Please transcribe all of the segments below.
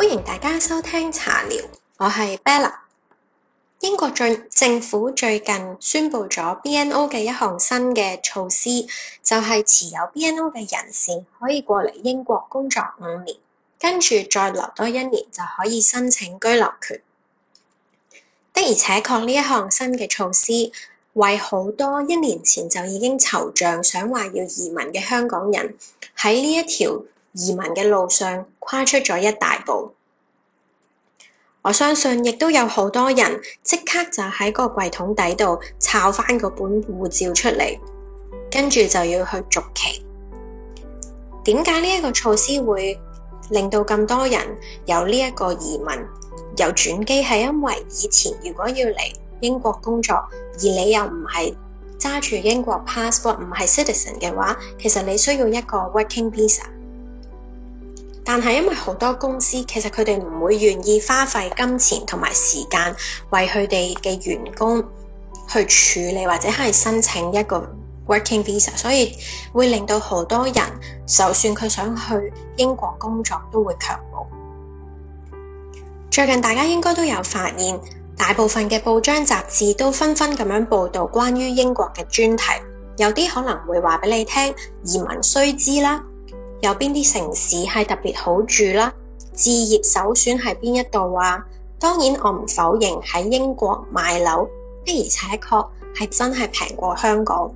歡迎大家收聽茶聊，我係 Bella。英國政府最近宣布咗 BNO 嘅一項新嘅措施，就係持有 BNO 嘅人士可以過嚟英國工作五年，跟住再留多一年就可以申請居留權。的而且確呢一項新嘅措施，為好多一年前就已經惆悵想話要移民嘅香港人喺呢一條移民嘅路上跨出咗一大步，我相信亦都有好多人即刻就喺個櫃桶底度抄翻嗰本護照出嚟，跟住就要去續期。點解呢一個措施會令到咁多人有呢一個移民有轉機？係因為以前如果要嚟英國工作，而你又唔係揸住英國 passport 唔係 citizen 嘅話，其實你需要一個 working visa。但係因為好多公司其實佢哋唔會願意花費金錢同埋時間為佢哋嘅員工去處理或者係申請一個 working visa，所以會令到好多人就算佢想去英國工作都會卻步。最近大家應該都有發現，大部分嘅報章雜誌都紛紛咁樣報道關於英國嘅專題，有啲可能會話俾你聽移民須知啦。有邊啲城市係特別好住啦？置業首選係邊一度啊？當然我唔否認喺英國買樓，的而且確係真係平過香港。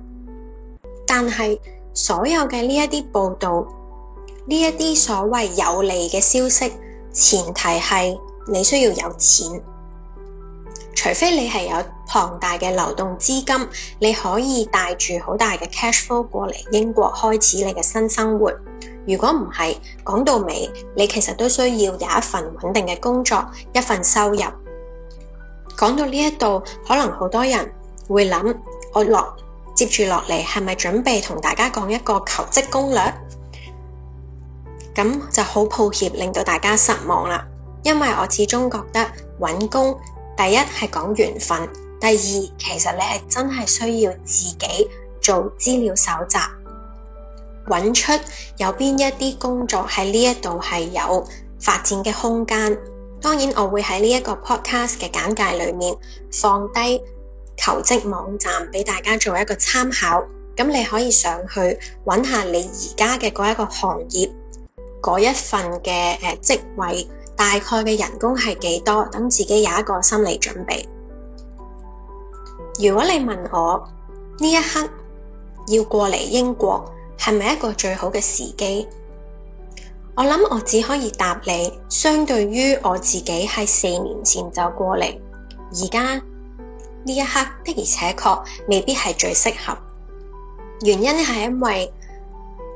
但係所有嘅呢一啲報道，呢一啲所謂有利嘅消息，前提係你需要有錢，除非你係有龐大嘅流動資金，你可以帶住好大嘅 cash flow 過嚟英國開始你嘅新生活。如果唔係，講到尾，你其實都需要有一份穩定嘅工作，一份收入。講到呢一度，可能好多人會諗，我落接住落嚟，係咪準備同大家講一個求職攻略？咁就好抱歉，令到大家失望啦，因為我始終覺得揾工，第一係講緣分，第二其實你係真係需要自己做資料搜集。揾出有邊一啲工作喺呢一度係有發展嘅空間。當然我會喺呢一個 podcast 嘅簡介裏面放低求職網站俾大家做一個參考。咁你可以上去揾下你而家嘅嗰一個行業嗰一份嘅誒職位大概嘅人工係幾多，等自己有一個心理準備。如果你問我呢一刻要過嚟英國，係咪一個最好嘅時機？我諗我只可以答你，相對於我自己喺四年前就過嚟，而家呢一刻的而且確未必係最適合。原因咧係因為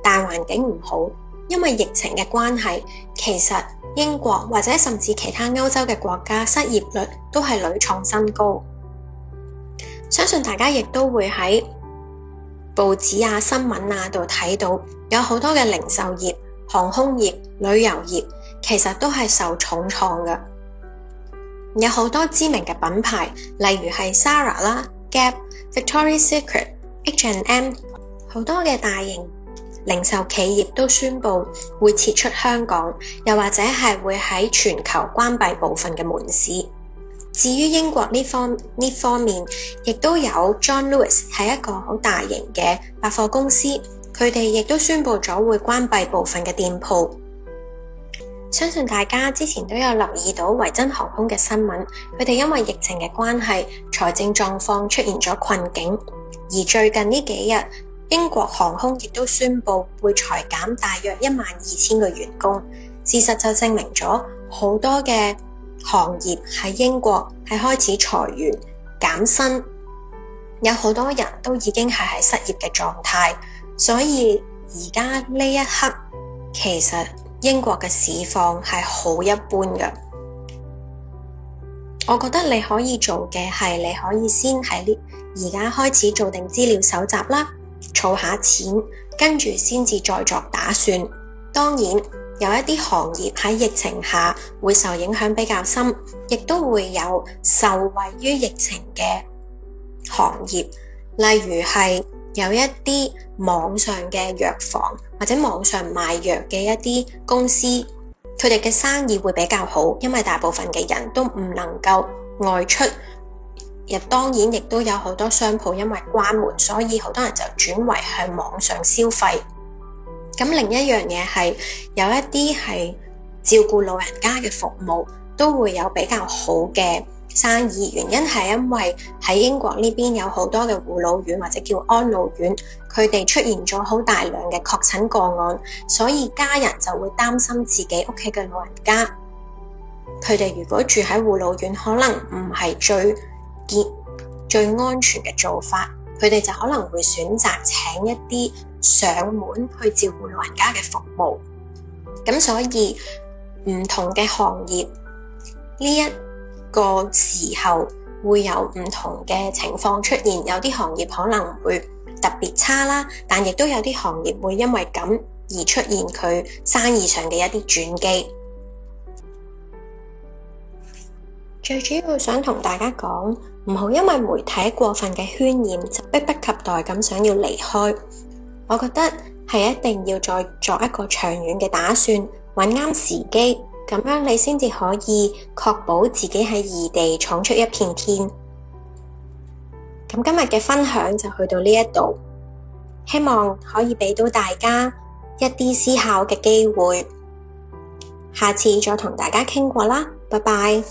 大環境唔好，因為疫情嘅關係，其實英國或者甚至其他歐洲嘅國家失業率都係屢創新高。相信大家亦都會喺報紙啊、新聞啊度睇到有好多嘅零售業、航空業、旅遊業，其實都係受重創嘅。有好多知名嘅品牌，例如係 Zara 啦、Gap、Victoria Secret、H&M，好多嘅大型零售企業都宣布，會撤出香港，又或者係會喺全球關閉部分嘅門市。至於英國呢方呢方面，亦都有 John Lewis 係一個好大型嘅百貨公司，佢哋亦都宣布咗會關閉部分嘅店鋪。相信大家之前都有留意到維珍航空嘅新聞，佢哋因為疫情嘅關係，財政狀況出現咗困境。而最近呢幾日，英國航空亦都宣布會裁減大約一萬二千個員工。事實就證明咗好多嘅。行業喺英國係開始裁員減薪，有好多人都已經係喺失業嘅狀態，所以而家呢一刻其實英國嘅市況係好一般㗎。我覺得你可以做嘅係，你可以先喺呢而家開始做定資料搜集啦，儲下錢，跟住先至再作打算。當然。有一啲行業喺疫情下會受影響比較深，亦都會有受惠於疫情嘅行業，例如係有一啲網上嘅藥房或者網上賣藥嘅一啲公司，佢哋嘅生意會比較好，因為大部分嘅人都唔能夠外出，亦當然亦都有好多商鋪因為關門，所以好多人就轉為向網上消費。咁另一樣嘢係有一啲係照顧老人家嘅服務都會有比較好嘅生意，原因係因為喺英國呢邊有好多嘅護老院或者叫安老院，佢哋出現咗好大量嘅確診個案，所以家人就會擔心自己屋企嘅老人家，佢哋如果住喺護老院，可能唔係最健最安全嘅做法，佢哋就可能會選擇請一啲。上門去照顧老人家嘅服務，咁所以唔同嘅行業呢一個時候會有唔同嘅情況出現。有啲行業可能會特別差啦，但亦都有啲行業會因為咁而出現佢生意上嘅一啲轉機。 最主要想同大家講，唔好因為媒體過分嘅渲染，就迫不及待咁想要離開。我覺得係一定要再作一個長遠嘅打算，揾啱時機，咁樣你先至可以確保自己喺異地闖出一片天。咁今日嘅分享就去到呢一度，希望可以俾到大家一啲思考嘅機會。下次再同大家傾過啦，拜拜。